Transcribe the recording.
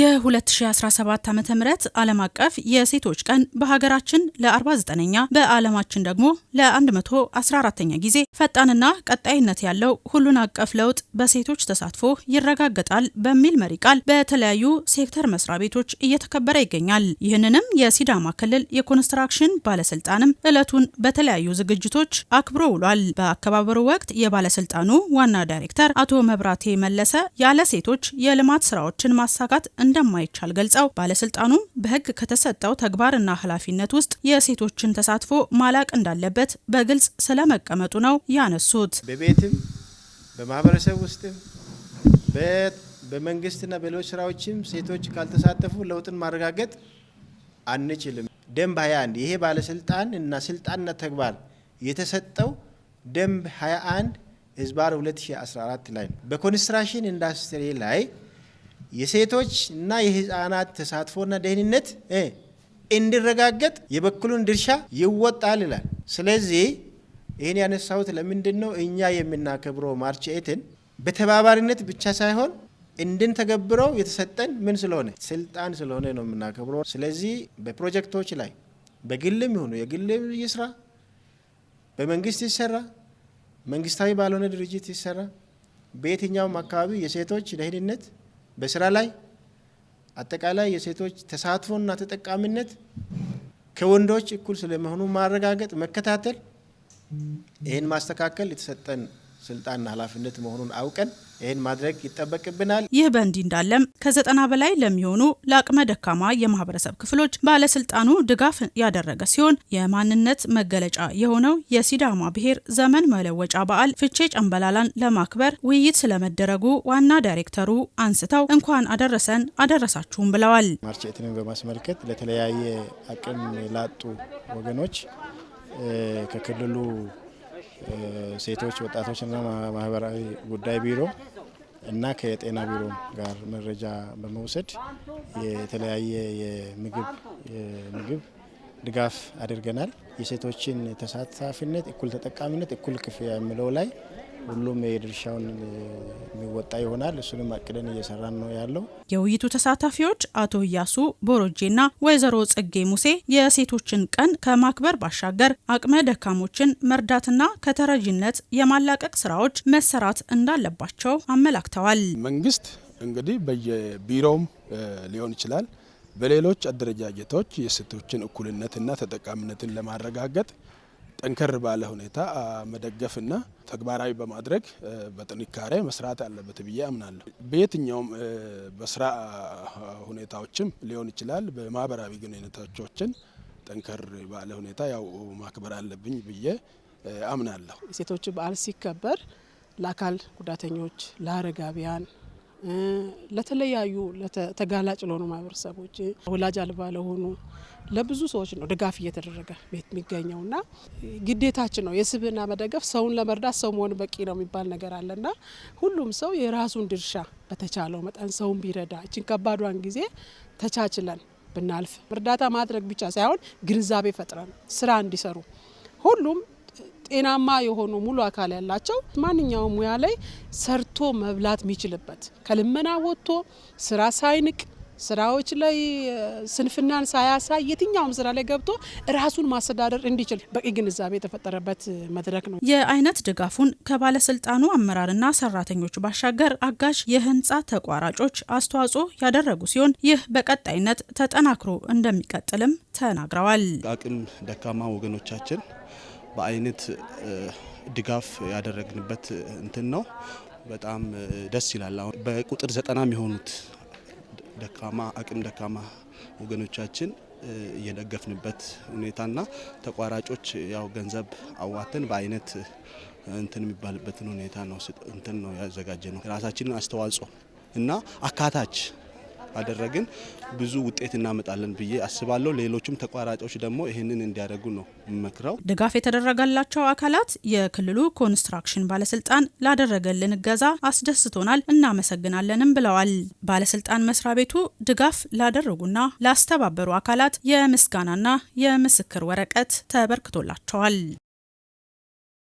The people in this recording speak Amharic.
የ2017 ዓ ም ዓለም አቀፍ የሴቶች ቀን በሀገራችን ለ49ኛ በዓለማችን ደግሞ ለ114ኛ ጊዜ ፈጣንና ቀጣይነት ያለው ሁሉን አቀፍ ለውጥ በሴቶች ተሳትፎ ይረጋገጣል በሚል መሪ ቃል በተለያዩ ሴክተር መስሪያ ቤቶች እየተከበረ ይገኛል። ይህንንም የሲዳማ ክልል የኮንስትራክሽን ባለስልጣንም ዕለቱን በተለያዩ ዝግጅቶች አክብሮ ውሏል። በአከባበሩ ወቅት የባለስልጣኑ ዋና ዳይሬክተር አቶ መብራቴ መለሰ ያለ ሴቶች የልማት ስራዎችን ማሳካት እንደማይቻል ገልጸው ባለስልጣኑ በህግ ከተሰጠው ተግባርና ኃላፊነት ውስጥ የሴቶችን ተሳትፎ ማላቅ እንዳለበት በግልጽ ስለመቀመጡ ነው ያነሱት። በቤትም በማህበረሰብ ውስጥም በመንግስትና በሌሎች ስራዎችም ሴቶች ካልተሳተፉ ለውጥን ማረጋገጥ አንችልም። ደንብ 21 ይሄ ባለስልጣን እና ስልጣንና ተግባር የተሰጠው ደንብ 21 ህዝባር 2014 ላይ ነው። በኮንስትራክሽን ኢንዱስትሪ ላይ የሴቶች እና የህፃናት ተሳትፎና ደህንነት እንዲረጋገጥ የበኩሉን ድርሻ ይወጣል ይላል። ስለዚህ ይህን ያነሳሁት ለምንድን ነው እኛ የምናከብረው ማርች ኤትን በተባባሪነት ብቻ ሳይሆን እንድንተገብረው የተሰጠን ምን ስለሆነ ስልጣን ስለሆነ ነው የምናከብረው። ስለዚህ በፕሮጀክቶች ላይ በግልም ይሁኑ የግልም ይስራ፣ በመንግስት ይሰራ፣ መንግስታዊ ባልሆነ ድርጅት ይሰራ፣ በየትኛውም አካባቢ የሴቶች ደህንነት በስራ ላይ አጠቃላይ የሴቶች ተሳትፎና ተጠቃሚነት ከወንዶች እኩል ስለመሆኑ ማረጋገጥ፣ መከታተል፣ ይህን ማስተካከል የተሰጠን ስልጣንና ኃላፊነት መሆኑን አውቀን ይህን ማድረግ ይጠበቅብናል። ይህ በእንዲህ እንዳለም ከዘጠና በላይ ለሚሆኑ ለአቅመ ደካማ የማህበረሰብ ክፍሎች ባለስልጣኑ ድጋፍ ያደረገ ሲሆን የማንነት መገለጫ የሆነው የሲዳማ ብሔር ዘመን መለወጫ በዓል ፍቼ ጨምበላላን ለማክበር ውይይት ስለመደረጉ ዋና ዳይሬክተሩ አንስተው እንኳን አደረሰን አደረሳችሁም ብለዋል። ማርች በማስመልከት ለተለያየ አቅም ላጡ ወገኖች ከክልሉ ሴቶች ወጣቶችና ማህበራዊ ጉዳይ ቢሮ እና ከጤና ቢሮ ጋር መረጃ በመውሰድ የተለያየ የምግብ ምግብ ድጋፍ አድርገናል። የሴቶችን ተሳታፊነት፣ እኩል ተጠቃሚነት፣ እኩል ክፍያ የሚለው ላይ ሁሉም የድርሻውን የሚወጣ ይሆናል። እሱንም አቅደን እየሰራን ነው ያለው። የውይይቱ ተሳታፊዎች አቶ እያሱ ቦሮጄና ወይዘሮ ጽጌ ሙሴ የሴቶችን ቀን ከማክበር ባሻገር አቅመ ደካሞችን መርዳትና ከተረጂነት የማላቀቅ ስራዎች መሰራት እንዳለባቸው አመላክተዋል። መንግስት እንግዲህ በየቢሮውም ሊሆን ይችላል በሌሎች አደረጃጀቶች የሴቶችን እኩልነትና ተጠቃሚነትን ለማረጋገጥ ጠንከር ባለ ሁኔታ መደገፍና ተግባራዊ በማድረግ በጥንካሬ መስራት አለበት ብዬ አምናለሁ። በየትኛውም በስራ ሁኔታዎችም ሊሆን ይችላል። በማህበራዊ ግንኙነቶችን ጠንከር ባለ ሁኔታ ያው ማክበር አለብኝ ብዬ አምናለሁ። የሴቶች በዓል ሲከበር ለአካል ጉዳተኞች፣ ለአረጋቢያን ለተለያዩ ተጋላጭ ለሆኑ ማህበረሰቦች፣ ወላጅ አልባ ለሆኑ ለብዙ ሰዎች ነው ድጋፍ እየተደረገ ቤት የሚገኘው ና ግዴታችን ነው። የስብና መደገፍ ሰውን ለመርዳት ሰው መሆን በቂ ነው የሚባል ነገር አለ ና ሁሉም ሰው የራሱን ድርሻ በተቻለው መጠን ሰውን ቢረዳ እችን ከባዷን ጊዜ ተቻችለን ብናልፍ እርዳታ ማድረግ ብቻ ሳይሆን ግንዛቤ ፈጥረን ስራ እንዲሰሩ ሁሉም ጤናማ የሆኑ ሙሉ አካል ያላቸው ማንኛውም ሙያ ላይ ሰርቶ መብላት የሚችልበት ከልመና ወጥቶ ስራ ሳይንቅ ስራዎች ላይ ስንፍናን ሳያሳይ የትኛውም ስራ ላይ ገብቶ ራሱን ማስተዳደር እንዲችል በቂ ግንዛቤ የተፈጠረበት መድረክ ነው። የአይነት ድጋፉን ከባለስልጣኑ አመራርና ሰራተኞች ባሻገር አጋዥ የህንፃ ተቋራጮች አስተዋጽኦ ያደረጉ ሲሆን ይህ በቀጣይነት ተጠናክሮ እንደሚቀጥልም ተናግረዋል። አቅም ደካማ ወገኖቻችን በአይነት ድጋፍ ያደረግንበት እንትን ነው። በጣም ደስ ይላል። አሁን በቁጥር ዘጠና የሚሆኑት ደካማ አቅም ደካማ ወገኖቻችን እየደገፍንበት ሁኔታና ተቋራጮች ያው ገንዘብ አዋተን በአይነት እንትን የሚባልበትን ሁኔታ ነው እንትን ነው ያዘጋጀ ነው። ራሳችንን አስተዋጽኦ እና አካታች አደረግን ብዙ ውጤት እናመጣለን ብዬ አስባለሁ። ሌሎችም ተቋራጮች ደግሞ ይህንን እንዲያደርጉ ነው መክረው። ድጋፍ የተደረገላቸው አካላት የክልሉ ኮንስትራክሽን ባለስልጣን ላደረገልን እገዛ አስደስቶናል፣ እናመሰግናለንም ብለዋል። ባለስልጣን መስሪያ ቤቱ ድጋፍ ላደረጉና ላስተባበሩ አካላት የምስጋናና የምስክር ወረቀት ተበርክቶላቸዋል።